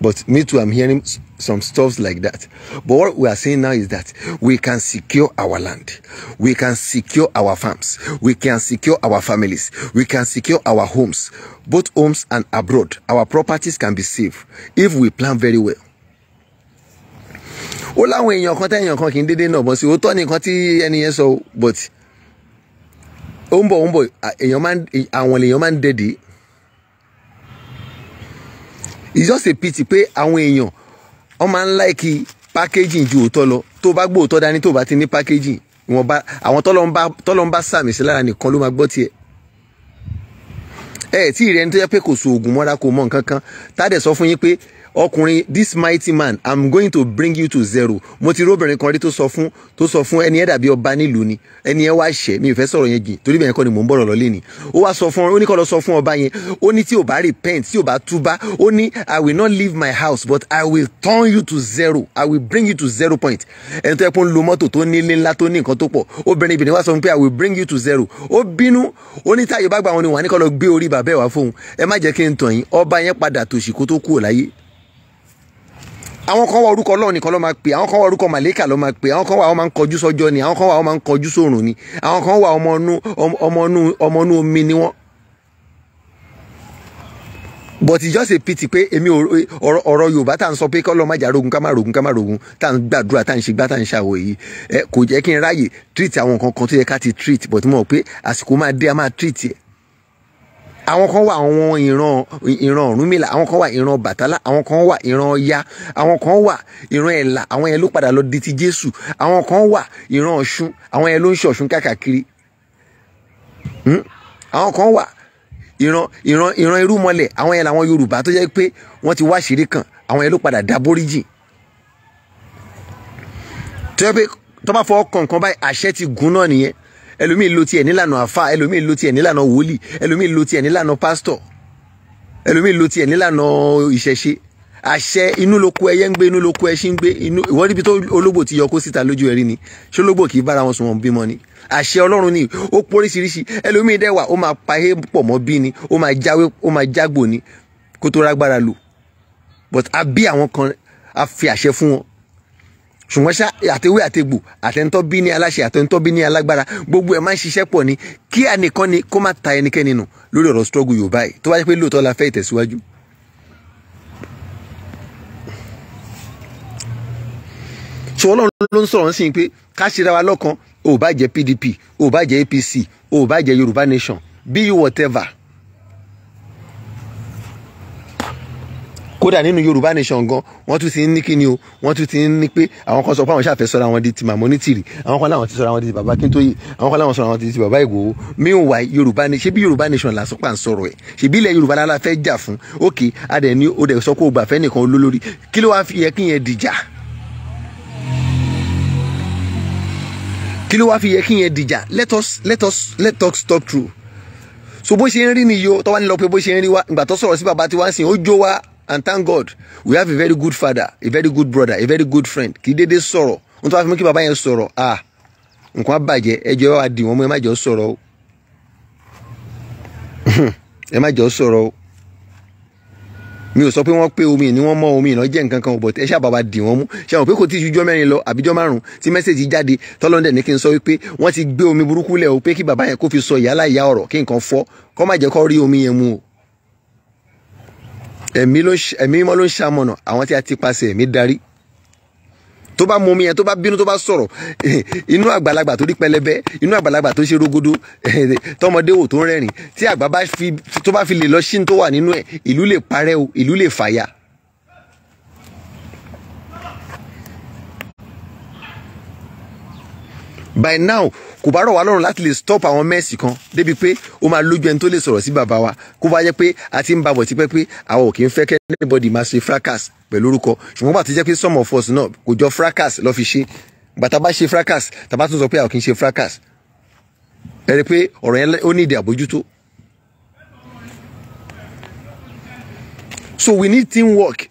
but me too, I'm hearing some stuffs like that. But what we are saying now is that we can secure our land, we can secure our farms, we can secure our families, we can secure our homes, both homes and abroad. Our properties can be safe if we plan very well. Ola, ó láwọn èèyàn kan tẹ́yàn kan kì í dédé náà bọ́ sí òótọ́ nìkan tí ẹni yẹn sọ but ó ń bọ̀ ó ń bọ̀ èèyàn máa ń àwọn èèyàn máa ń dẹ̀dẹ̀ it's just a pity pé àwọn èèyàn wọ́n máa ń láìkí packaging ju òótọ́ lọ tó bá gbóòótọ́ dání tó bá ti ní packaging ìwọ̀nba àwọn tọ́lọ́ ń bá sàmì sí lára nìkan ló máa gbọ́ tiẹ̀ ẹ tí ìrẹ́ ní tó yẹ pé kò so oògùn mọ́ra kò mọ nǹkan kan tádẹ sọ fún yín pé ọkùnrin this mighty man i'm going to bring you to zero mo ti róbìnrin kan rí tó sọ fún tó sọ fún ẹni ẹ dàbí ọba nílùú ni ẹni ẹ wá ṣẹ mi ò fẹ́ sọ̀rọ̀ yẹn jìn torí bẹ́ẹ̀ kọ́ ni mò ń bọ̀rọ̀ lọ́lé ni ó wá sọ fún ọ ó ní kó lọ sọ fún ọba yẹn ó ní tí ò bá repent tí ò bá túbá ó ní i will not leave my house but i will turn you to zero i will bring you to zero point ẹni tó yẹ kó ń lo mọ́tò tó nílé ńlá tó ní nǹkan tó pọ̀ obìnrin ibìnrin wá sọ fún pé i will bring you to zero ó bínú ó ní táyọ̀ bá gbà wọn ni bàbá ẹ̀ wá fóun ẹ má jẹ́ kí n tàn yín ọba yẹn padà tòṣì kó tó kúrò láyé àwọn kan wá orúkọ ọlọ́run nìkan ló máa pè àwọn kan wá orúkọ màlẹ́kà ló máa pè àwọn kan wá àwọn máa ń ni àwọn kan wá àwọn máa ń ni àwọn kan wá ọmọ inú omi ni wọ́n. but it's just a pity pé èmi ọ̀rọ̀ yorùbá tá à ń sọ pé kọ́lọ́ má jà rogun ká má rogun ká má rogun tá à ń gbàdúrà tá à ń ṣe gbá tá à ń ṣàwọ̀ yìí kò jẹ́ kí n ráyè treat àwọn nǹkan kan tó yẹ ká ti treat but mo mọ̀ pé àsìkò máa dé a máa treat yẹ àwọn kan wà àwọn ìran ìran Ọ̀rúnmìlà àwọn kan wà ìran Ọbàtálá àwọn kan wà ìran Ọya àwọn kan wà ìran Ẹ̀là àwọn yẹn ló padà lọ di ti Jésù àwọn kan wà ìran Ọ̀ṣun àwọn yẹn ló ń ṣe Ọ̀ṣun káàkiri hmm? àwọn kan wà ìran ìran ìran irúmọlẹ̀ àwọn yẹn làwọn Yorùbá tó jẹ́ pé wọ́n ti wá àṣírí kan àwọn yẹn ló padà dá bóríjì tó yẹ pé tó bá fọwọ́ kàn kan báyìí àṣẹ ti gún náà nìyẹn ẹlòmíì lo tiẹ̀ nílànà àfa ẹlòmíì lo tiẹ̀ nílànà wòlíì ẹlòmíì lo tiẹ̀ nílànà pásítọ̀ ẹlòmíì lo tiẹ̀ nílànà ìṣẹ̀ṣe àṣẹ inú lóko ẹyẹ ń gbé inú lóko ẹṣin ń gbé inú ìwọ níbi tó ológbò ti yọ kó síta lójú ẹrí ni ṣólógbò kì í bára wọn sùn wọn bímọ ni àṣẹ Ọlọ́run ni ó póríṣiríṣi ẹlòmíì dẹ́wà ó máa pa é pọ̀ mọ́ bí ni ó máa jáwé ó máa jágbò ni kó tó rágbára lò but a bí àwọn kan a fi àṣẹ fún wọn ṣùgbọ́n ṣá àtẹwé àtẹgbò àtẹ̀ntọ́ bí ní aláṣẹ àtẹ̀ntọ́ bí ní alágbára gbogbo ẹ̀ máa ń ṣiṣẹ́ pọ̀ ni kí ànìkan ni kó má ta ẹnikẹ́ni nù lórí ọ̀rọ̀ struggle yorùbá yìí tó bá jẹ́ pé lóòótọ́ la fẹ́ ìtẹ̀síwájú. sọ ọlọ́run ló ń sọ̀rọ̀ ń sìn pé ká ṣera wa lọ́kan ò PDP ò bá jẹ́ APC ò bá jẹ́ Yorùbá Nation be you whatever kódà nínú yorùbá nation gan wọ́n tún ti ń ní kíni o wọ́n tún ti ń ní pé àwọn kan sọ pé àwọn ṣàfẹ́ sọ́ra wọn di ti Màmá Onítìrì àwọn kan láwọn ti sọ́ra wọn di ti bàbá Kíntóyè àwọn kan láwọn sọ́ra wọn di ti bàbá Ìgbòho meanwhile yorùbá ni ṣebí yorùbá nation là sọpà ń sọ̀rọ̀ ẹ̀ ṣebí ilẹ̀ yorùbá lára fẹ́ jà fún okay adẹ̀ ni o dẹ̀ sọ pé o gbà fẹ́ nìkan olólórí kí ló wá fi yẹ kí yẹn dìjà kí ló wá fi yẹ kí yẹn dìjà let us let us let talk stop true so bó ṣe ń rí nìyó tọ́wá ní lọ pé bó ṣe ń rí wa ìgbà tó sọ̀rọ̀ sí bàbá tiwa ń sìn ó jó wa and thank God we have a very good father a very good brother a very good friend kì í dédé sọ̀rọ̀ ohun tó bá fi mú kí bàbá yẹn sọ̀rọ̀ ah nǹkan àbàjẹ́ ẹjọ́ wa dì wọ́n mú ẹ má jọ sọ̀rọ̀ o ẹ má jọ sọ̀rọ̀ o mi ò sọ pé wọ́n pé omi ni wọ́n mọ omi ìná jẹ́ nǹkan kan but ẹ ṣáà bàbá dì wọ́n mú ṣe àwọn pé kò tí ju jọ́ mẹ́rin lọ àbíjọ́ márùn-ún tí mẹ́sẹ̀jì jáde tọ́lọ́ndẹ̀ ní kí n sọ wípé wọ́n ti gbé omi burúkú lẹ̀ o pé kí bàbá yẹn kó fi sọ ìyálà ìyá ọ̀rọ̀ kí nǹkan fọ́ kọ́ má jẹ́ kó rí omi yẹn mu o ẹ̀mí mímọ́ ló ń ṣamọ̀nà àwọn tí a ti paṣẹ ẹ̀mí darí tó bá mọ omi yẹn tó bá bínú tó bá sọ̀rọ̀ inú àgbàlagbà tó rí pẹlẹbẹ inú àgbàlagbà tó ṣe rógódó tọmọdé wò tó ń rẹ́rìn tí àgbà tó bá fi lè lọ ṣín tó wà nínú ẹ̀ ìlú lè parẹ́ o ìlú lè fàya. by now kò bá rọ̀ wá lọ́rùn láti lè stop àwọn mẹ́ẹ̀sì kan débi pé ó máa lójú ẹni tó lè sọ̀rọ̀ sí bàbá wa kó bá jẹ́ pé a ti ń babọ̀ tipẹ́ pé àwọn ò kì í fẹ́ kẹ́ anybody máa ṣe fracas pẹ̀lú orúkọ ṣùgbọ́n bàtí jẹ́ pé some of us náà kò jọ fracas lọ́ fi ṣe bàtà bá ṣe fracas tàbá tún sọ pé àwọn kì í ṣe fracas ẹ rí i pé ọ̀rọ̀ yẹn ó ní ìdí àbójútó so we need teamwork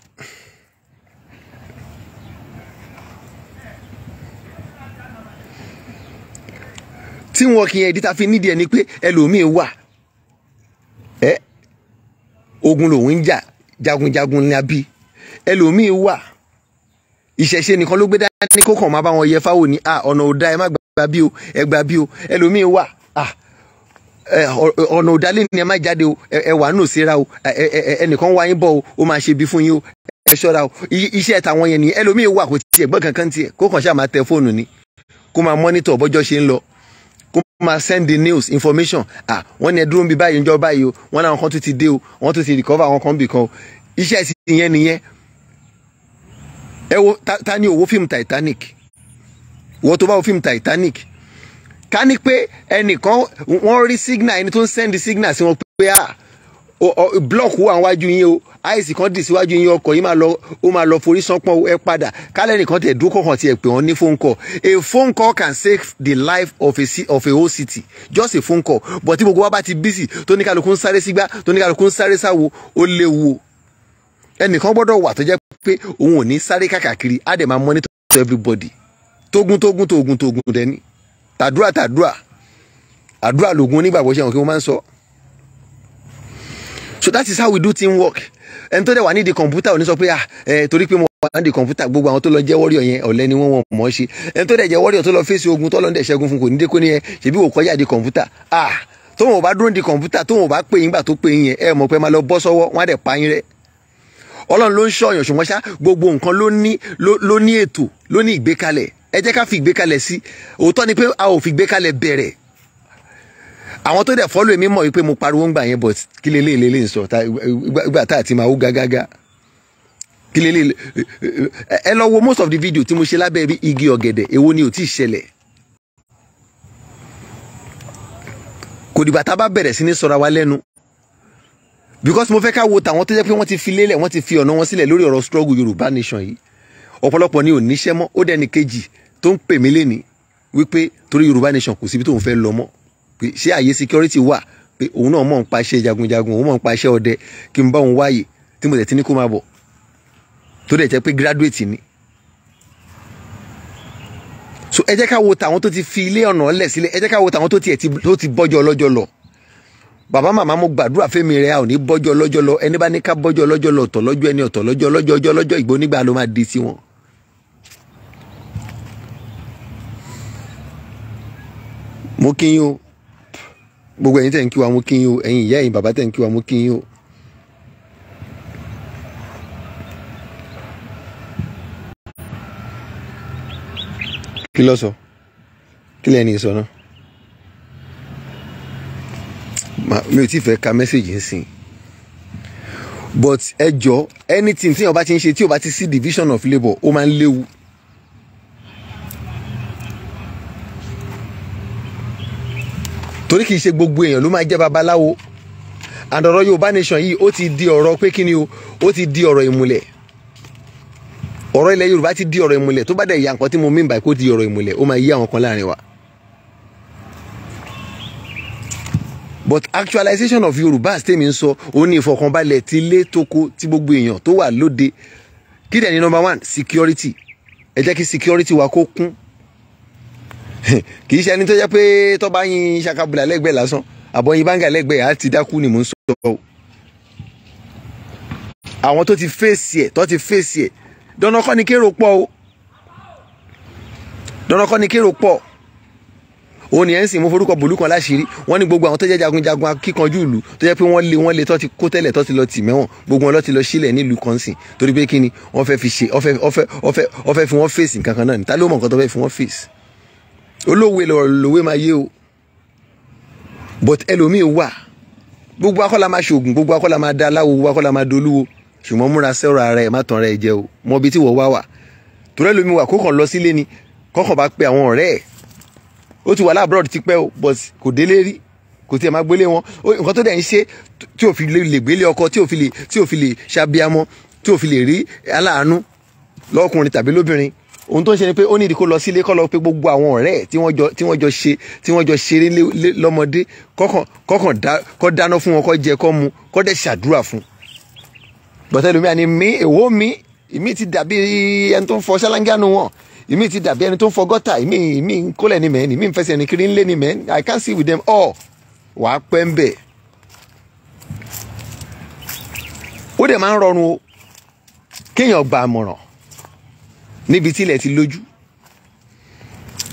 tí wọn kì í ẹ̀dí ta fi nídìí ẹ̀ ni pé ẹlòmíì wà ẹ́ ogun lòun ń jà jagunjagun ni a bí ẹlòmíì wà ìṣẹ̀ṣe nìkan ló gbé dání kó kàn máa bá wọn yẹ fáwọn ní à ọ̀nà ò da ẹ má gbà bí o ẹ gbà bí o ẹlòmíì wà à ọ̀nà òdálé ni ẹ má jáde o ẹ wà nù síra o ẹnìkan wá yín bọ̀ o ó máa ṣe bí fún yín o ẹ ṣọ́ra o iṣẹ́ tàwọn yẹn nìyẹn ẹlòmíì wà kò tiẹ̀ gbọ́n kankan tiẹ̀ kó ṣáà máa tẹ fóònù ni kó máa mọ́nítọ̀ bọ́jọ́ ṣe ń lọ máa send the news information ah wọ́n ní ẹ dúró ń bi báyìí ń jọ báyìí o wọ́n náà wọ́n tún ti dé o wọ́n tún ti recover àwọn kan bì kan o iṣẹ́ ti yẹn nìyẹn ẹ wo ta, ni owó fíìmù Titanic wo tó bá wo fíìmù Titanic ká ní pé ẹnìkan wọ́n rí signal ẹni tó ń send signal sí wọn pé ah block wo àwọn wájú yín o àìsí kan dì síwájú yín ọkọ̀ yín ó máa lọ forí sánpọ́n ẹ padà kálẹ̀ nìkan tẹ̀ dúró kọ̀ọ̀kan tiẹ̀ pé wọ́n ní phone call a phone call can save the life of a, of a whole city just a phone call but tí gbogbo wa bá ti bísì tó ní kálukú ń sáré sígbá tó ní kálukú ń sáré sáwo ó léwu ẹnìkan gbọ́dọ̀ wà tó jẹ́ pé òun ò ní sáré káàkiri á dẹ̀ máa monitor everybody tógun tógun tógun tógun dẹ́ni tàdúrà tàdúrà àdúrà lògùn onígbàgbọ́sẹ̀ wọn kí wọ́n máa ń sọ so that is how we do team work ẹni tó dẹ̀ wà nídìí kọ̀ǹpútà ò sọ pé ah torí pé mo wà nídìí kọ̀ǹpútà gbogbo àwọn tó lọ jẹ́ wọ́ríọ̀ yẹn ọ̀lẹ ni wọ́n wọ́n mọ̀ ọ́ ṣe ẹni tó dẹ̀ jẹ́ wọ́ríọ̀ tó lọ fèsì ogun tó lọ ṣẹ́gun fún kò ní dé yẹn ṣèbí wò kọjá di kọ̀ǹpútà ah tóun ò bá dúró di kọ̀ǹpútà tóun ò bá pè yín gbà tó pè yín yẹn ẹ mọ̀ pé máa lọ bọ́ sọ́wọ́ wọn á dẹ̀ pa yín rẹ́ ọlọ́run ló ń ṣọ̀yàn ṣùgbọ́n a ò fi ìgbékalẹ̀ bẹ̀rẹ̀ àwọn tó dẹ̀ fọ́lù èmi mọ̀ wípé mo pariwo ń gbà yẹn but kí lélẹ́ ìlélẹ́ ń sọ ìgbà tá àti máa ó gágágá kí lélẹ́ ẹ lọ wo most of the video tí mo ṣe lábẹ́ igi ọ̀gẹ̀dẹ̀ èwo ni ò tí ì ṣẹlẹ̀ kò dìgbà tá a bá bẹ̀rẹ̀ sí ní sọra wa lẹ́nu because mo fẹ́ ká wo tàwọn tó jẹ́ pé wọ́n ti fi lélẹ̀ wọ́n ti fi ọ̀nà wọn sílẹ̀ lórí ọ̀rọ̀ struggle Yorùbá nation yìí ọ̀pọ̀lọpọ̀ ni ò níṣẹ́ mọ́ ó dẹni kejì tó ń pè mí lénìí wípé torí Yorùbá nation kò síbi tóun fẹ́ lọ mọ́ pé ṣé àyè security wà pé òun náà mọ̀ ń pa iṣẹ́ jagunjagun òun mọ̀ ń pa iṣẹ́ ọdẹ kí n bá òun wáyè tí mo dẹ̀ ti ní kó máa bọ̀ tó dẹ̀ jẹ́ pé graduate ni. so ẹ jẹ́ ká wo tàwọn tó ti fi ilé ọ̀nà lẹ̀ sílẹ̀ ẹ jẹ́ ká wo tàwọn tó tiẹ̀ tó ti bọ́jọ́ ọlọ́jọ́ lọ bàbá màmá mo gbàdúrà fẹ́mi rẹ a ò ní bọ́jọ́ ọlọ́jọ́ lọ ẹni bá ní ká bọ́jọ́ ọlọ́jọ́ lọ ọ̀tọ̀ lọ́jọ́ ẹni ọ̀tọ̀ lọ́jọ́ ọlọ́jọ́ ọjọ́ ọlọ́jọ́ ìgbó nígbà ló máa di sí wọn. mo kí yín o gbogbo ẹ̀yin tẹ̀ ń kí wa mú kí yín o ẹ̀yin ìyá ẹ̀yin bàbá tẹ̀ ń kí wa mú kí yín o. kí ló sọ kí lẹ́ni sọ náà mi ò tí ì ka mẹ́sàgì ń sìn but ẹ jọ anything tí o bá ti ń ṣe tí o bá ti sí division of labour ó máa ń léwu torí kì í ṣe gbogbo èèyàn ló máa jẹ́ babaláwo and Yorùbá nation yìí ó ti di ọ̀rọ̀ pé kí ni o ó ti di ọ̀rọ̀ ìmùlẹ̀ ọ̀rọ̀ ilẹ̀ Yorùbá ti di ọ̀rọ̀ ìmùlẹ̀ tó bá dẹ̀ ya nǹkan tí mo mean by kó di ọ̀rọ̀ ìmùlẹ̀ ó máa yí àwọn kan láàrin wa. but actualization of Yorùbá tèmi ń sọ ó ní ìfọkànbalẹ̀ ti lé toko ti gbogbo èèyàn tó wà lóde kí dẹ̀ ni number one security ẹ jẹ́ kí security wa kó kún kì í ṣe ẹni tó jẹ́ pé tó bá yin ṣakabula lẹ́gbẹ̀ẹ́ lásán àbọ̀yin báńgà lẹ́gbẹ̀ẹ́ á ti dákú ni mò ń sọ ọ́ àwọn tó ti fèsì ẹ̀ tó ti fèsì ẹ̀ dandan kọ́ ni kérò pọ̀ o dandan kọ́ ni kérò pọ̀ òun ni ẹ̀ ń sìn mo forúkọ bòlú kan láṣìírí wọ́n ní gbogbo àwọn tó jẹ́ jagunjagun akíkanjú ìlú tó jẹ́ pé wọ́n lé wọ́n lé tó ti kó tẹ́lẹ̀ tó ti lọ tì mẹ́wọ̀n gbogbo wọn ló ti lọ sílẹ̀ nílùú kan sìn torí pé kí ni wọ́n fẹ́ fi ṣe wọ́n fẹ́ fi wọ́n fèsì nǹkan náà ni ta ló mọ̀ nǹkan tó fẹ́ fi wọ́n fèsì olówe lọ̀rọ̀ lòwe máa yé o but ẹlòmíì wà gbogbo akọ́la máa ṣoògùn gbogbo akọ́la máa da aláwo gbogbo akọ́la máa dolúwo ṣùgbọ́n múra sẹ́rọ̀ ara ẹ̀ má tàn ara ẹ̀ jẹ o mọ ibi tí wọ́n wá wà torí ẹlòmíì wà kókàn lọ sílé ni kọ́kàn bá pe àwọn ọ̀rẹ́ ẹ̀ ó ti wà láàbúrò ti pẹ́ o but kò délé rí kò tiẹ̀ máa gbélé wọn nǹkan tó dẹ̀ ń ṣe tí ò fi lè gbélé ọkọ tí ò fi lè tí ò fi lè ṣàbíamọ tí ò fi lè rí aláàánú lọ́kùnrin tàbí lóbìnrin ohun tó ń ṣe ni pé ó ní ìdí kó lọ sílé kó lọ pé gbogbo àwọn ọ̀rẹ́ tí wọ́n jọ tí wọ́n jọ ṣe tí wọ́n jọ ṣeré lọ́mọdé kọ́kàn kọ́ dáná fún wọn kọ́ jẹ kọ́ mu kọ́ dẹ̀ ṣàdúrà fún. bọ́tẹ́lùmí àní mi èwo mi ìmí ti dàbí ẹni tó ń fọ ṣáláńgánu wọn ìmí ti dàbí ẹni tó ń fọ gọ́tà ìmí ìmí ń kólẹ̀ ní mẹ́ni ìmí ń fẹsẹ̀ ní kiri ń lé mẹ́ni I can see with them all wàá pẹ́ ń bẹ̀. ó dẹ̀ máa ń rọrùn o kéèyàn gba àmọ̀ràn níbi tí ilẹ̀ ti lójú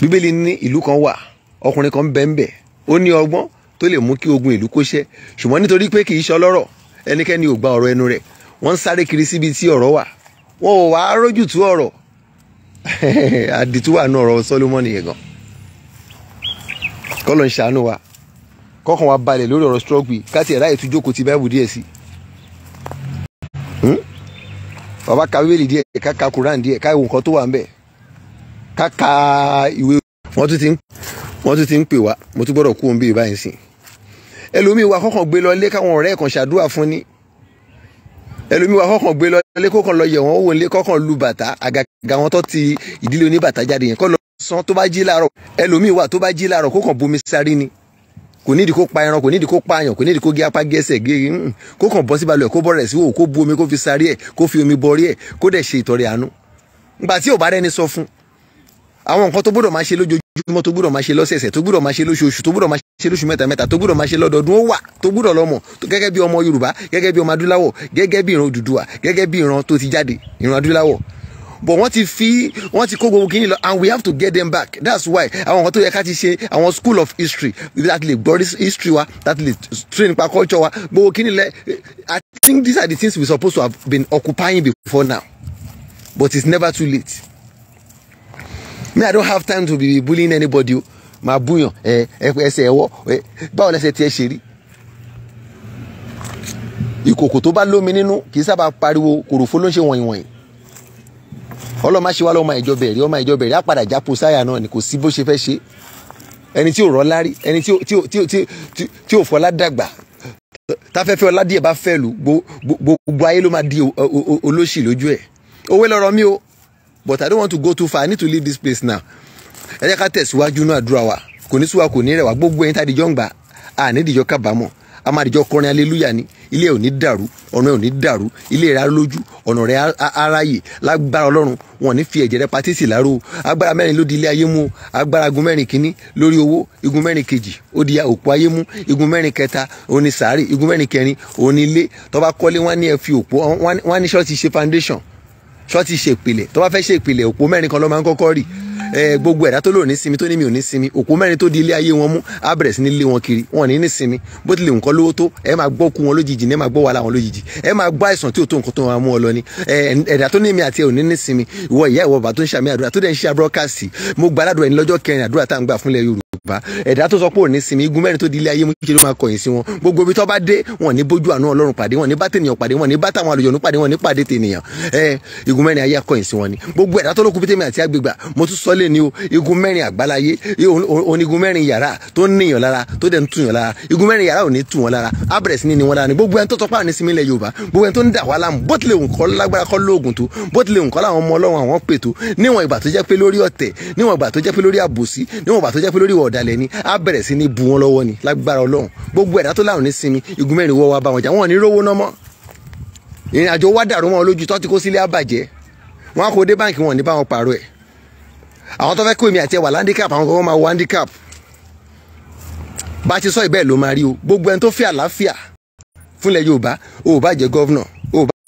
bíbélì ní ìlú kan wà ọkùnrin kan bẹ́ẹ̀ ń bẹ̀ ó ní ọgbọ́n tó lè mú kí ogun ìlú kó ṣẹ́ ṣùgbọ́n nítorí pé kì í ṣe ọlọ́rọ̀ ẹnikẹ́ni ò gba ọ̀rọ̀ ẹnu rẹ̀ wọ́n ń sáré kiri síbi tí ọ̀rọ̀ wà wọn ò wá rójú tú ọ̀rọ̀ àdìtú wà ọ̀rọ̀ Solomoni yẹn gan kọ́lọ̀ ń ṣàánú wa kọ́kàn wa balẹ̀ lórí ọ̀rọ̀ struggle káti ẹ̀ráyè tún jókòó ti báyìí díẹ̀ sí bàbá ka bíbélì díẹ̀ ká ka Quran díẹ̀ ká ìwò nǹkan tó wà ń bẹ̀ ká ka ìwé wọ́n tún ti ń wọ́n tún ti ń pè wá mo tún gbọ́dọ̀ kú òun bí ìbáyìí sìn ẹlòmíì wa kọ́kàn gbé lọ ilé káwọn ọ̀rẹ́ kan ṣàdúrà fún ni ẹlòmíì wa kọ́kàn gbé lọ ilé kọ́kàn lọ yẹ̀ wọ́n wò ilé kọ́kàn lu bàtà àgàgà wọn tó ti ìdílé oníbàtà jáde yẹn kọ́ lọ sàn tó bá jí láàárọ̀ ẹlòmíì wa tó bá jí láàárọ̀ kọ́kàn bomi sáré ni kò nídìí kó pa ẹran kò nídìí kó pààyàn kò nídìí kó gé apá gẹ́sẹ̀ gé kó kàn bọ́ sí balùwẹ̀ kó bọ́rẹ̀ sí wò kó bu omi kó fi sáré ẹ̀ kó fi omi bọrí ẹ̀ kó dẹ̀ ṣe ìtọrẹ àánú ngbà tí ò bá rẹ́ni sọ fún àwọn nǹkan tó gbọ́dọ̀ máa ṣe lójoojúmọ́ tó gbọ́dọ̀ máa ṣe lọ́sẹ̀ẹ̀sẹ̀ tó gbọ́dọ̀ máa ṣe lóṣooṣù tó gbọ́dọ̀ máa ṣe lóṣù mẹ́ta mẹ́ta tó gbọ́dọ̀ máa ṣe lọ́dọọdún ó wà tó gbọ́dọ̀ lọ́mọ gẹ́gẹ́ bí ọmọ Yorùbá gẹ́gẹ́ bí ọmọ adúláwọ̀ gẹ́gẹ́ bí ìran Odùduwà gẹ́gẹ́ bí ìran tó ti jáde ìran adúláwọ̀ but wọ́n ti fi wọ́n ti kó gbogbo kìíní lọ and we have to get them back that's why àwọn nǹkan tó yẹ ká ti ṣe àwọn school of history that lè gbọ́ history wa that lè train pa culture wa gbogbo kìíní lẹ I think these are the things we supposed to have been occupying before now but it's never too late me I don't have time to be bullying anybody o máa búyàn ẹ ẹsẹ̀ ẹwọ́ báwo lẹsẹ̀ tiẹ̀ ṣe rí ìkòkò tó bá lómi nínú kì í sábà pariwo kòròfó ló ń ṣe wọ̀nyí ọlọ́mà ṣe wá ìjọ bẹ̀rẹ̀ ọmọ ìjọ bẹ̀rẹ̀ àpàdà jápo sáyà náà ni kò sí bó ṣe fẹ́ ṣe ẹni tí ò rọ́lá rí ẹni tí ò fọlá dàgbà táfẹ́fẹ́ ọládìẹ bá fẹ́ lù gbogbo ayé ló máa di olóṣì lójú ẹ̀ owó lọ́rọ̀ mi o but I don't want to go too far I need to leave this place now ẹ tẹ̀síwájú náà àdúrà wa kò ní sú kò ní rẹ̀ gbogbo ẹ̀yin tá a dìjọ́ ń gbà á ní ìdìjọ́ kábàámọ̀ a máa dìjọ kọrin aleluya ni ilé ò ní dàrú ọ̀nà ò ní dàrú ilé rẹ alójú ọ̀nà rẹ aráyè lágbára ọlọ́run wọn ní fi ẹ̀jẹ̀ rẹ patísì láàrú agbára mẹ́rin ló di ilé ayé mú agbára igun mẹ́rin kínní lórí owó igun mẹ́rin kejì ó di òpó ayé mú igun mẹ́rin kẹta òun ni sàárì igun mẹ́rin kẹrin òun ni ilé tó bá kọ́lé wọn ní ẹ fi òpó wọn ní ṣọ́ọ̀tì ṣe foundation ṣọ́ọ̀tì ṣe ìpìlẹ̀ tó bá fẹ́ ṣe ìpìlẹ̀ òpó mẹ́rin kan ló máa ń kọ́kọ́ rì gbogbo ẹ̀dá tó lò ní sinmi tó ní mi ò ní sinmi òkú mẹ́rin tó di ilé ayé wọn mú á bẹ̀rẹ̀ sí ní lé wọn kiri wọn ní ní sinmi bó tilẹ̀ nǹkan lówó tó ẹ máa gbọ́ kú wọn lójijì ẹ máa gbọ́ wàhálà wọn lójijì ẹ máa gbọ́ àìsàn tí ò tó nǹkan tó wọn mú ọ lọ ni ẹ̀dá tó ní mi àti ẹ ò ní ní sinmi ìwọ ìyá ìwọ bàbá tó ń ṣàmì àdúrà tó dẹ̀ ń ṣe àbúrọ́kàsì yorùbá ẹ̀dá tó sọ pé òní sinmi igun mẹ́rin tó di ilé ayé mú kí máa kọ̀yìn sí wọn gbogbo ibi tó bá dé wọn ní bójú àánú ọlọ́run pàdé wọn ní bá tènìyàn pàdé wọn ní bá táwọn àlùjọ̀nú pàdé wọn ní pàdé tènìyàn ẹ igun mẹ́rin ayé akọ̀yìn sí wọn ni gbogbo ẹ̀dá tó lókun pété mi àti agbègbà mo tún sọ lé ní o igun mẹ́rin àgbáláyé onígun mẹ́rin yàrá tó ń níyàn lára tó dẹ̀ ń túyàn lára igun mẹ́rin yàrá ò ní tù wọn lára abẹ̀rẹ̀ sí ni wọn lára ni gbogbo ẹni tó tọpá ní sinmi ilẹ̀ yorùbá gbogbo ẹni tó ń dà wá láàmú bó tilẹ̀ òǹkọ́ lágbára kọ́ lóògùn tó bó tilẹ̀ òǹkọ́ làwọn ọmọ ọlọ́run àwọn pètò níwọ̀n ìgbà tó jẹ́ pé lórí ọ̀tẹ̀ níwọ̀n ìgbà tó jẹ́ pé lórí àbòsí níwọ̀n ìgbà tó jẹ́ pé lórí ìwọ ọ̀dàlẹ̀ ni á bẹ̀rẹ̀ sí ní bu wọn lọ́wọ́ ni lágbára ọlọ́run gbogbo ẹ̀dá tó láwọn ní sinmi igun mẹ́rin wọ́n wá bá wọn jà ní rówó náà mọ́ ìrìn àjò wá dàrú wọn lójú tó ti kó sílé àbàjẹ́ wọn á kó dé báǹkì wọn ní bá wọn pààrọ̀ ẹ̀ àwọn tó fẹ́ kó èmi àti ẹwà láńdíkàp àwọn kan máa wọ handicap bá a ti sọ ìbẹ́ẹ̀ ló máa rí o gbogbo ẹni tó fi àlàáfíà fúnlẹ̀ Yorùbá ò jẹ́ gọ́vnọ̀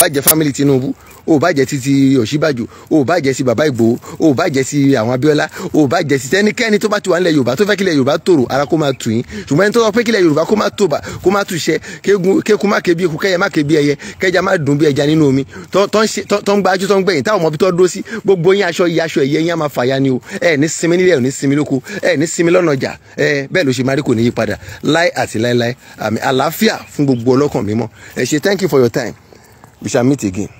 ò bá family Tinubu ò bá jẹ́ títí Ọ̀ṣínbàjò ò bá jẹ́ sí baba Ìgbòho ò bá jẹ́ sí àwọn Abíọ́lá ò bá jẹ́ sí tẹnikẹ́ni tó bá ti wà nílẹ̀ Yorùbá tó fẹ́ kílẹ̀ Yorùbá tòrò ara kó máa tù yín ṣùgbọ́n ẹni tó sọ pé kílẹ̀ Yorùbá kó máa tòbà kó máa tùṣẹ kékun má kébi eku kẹ́yẹ má kébi ẹyẹ kẹ́ja má dùn bí ẹja nínú omi tó ń gbájú tó ń gbẹ̀yìn táwọn ọmọ tó dúró sí gbogbo yín aṣọ iye aṣọ ni o ẹ ní sinmi nílẹ̀ ò ní sinmi lóko ẹ ní sinmi lọ́nà ọjà ẹ bẹ́ẹ̀ ló ṣe máa rí kò ní yí thank you for your time. We shall meet again.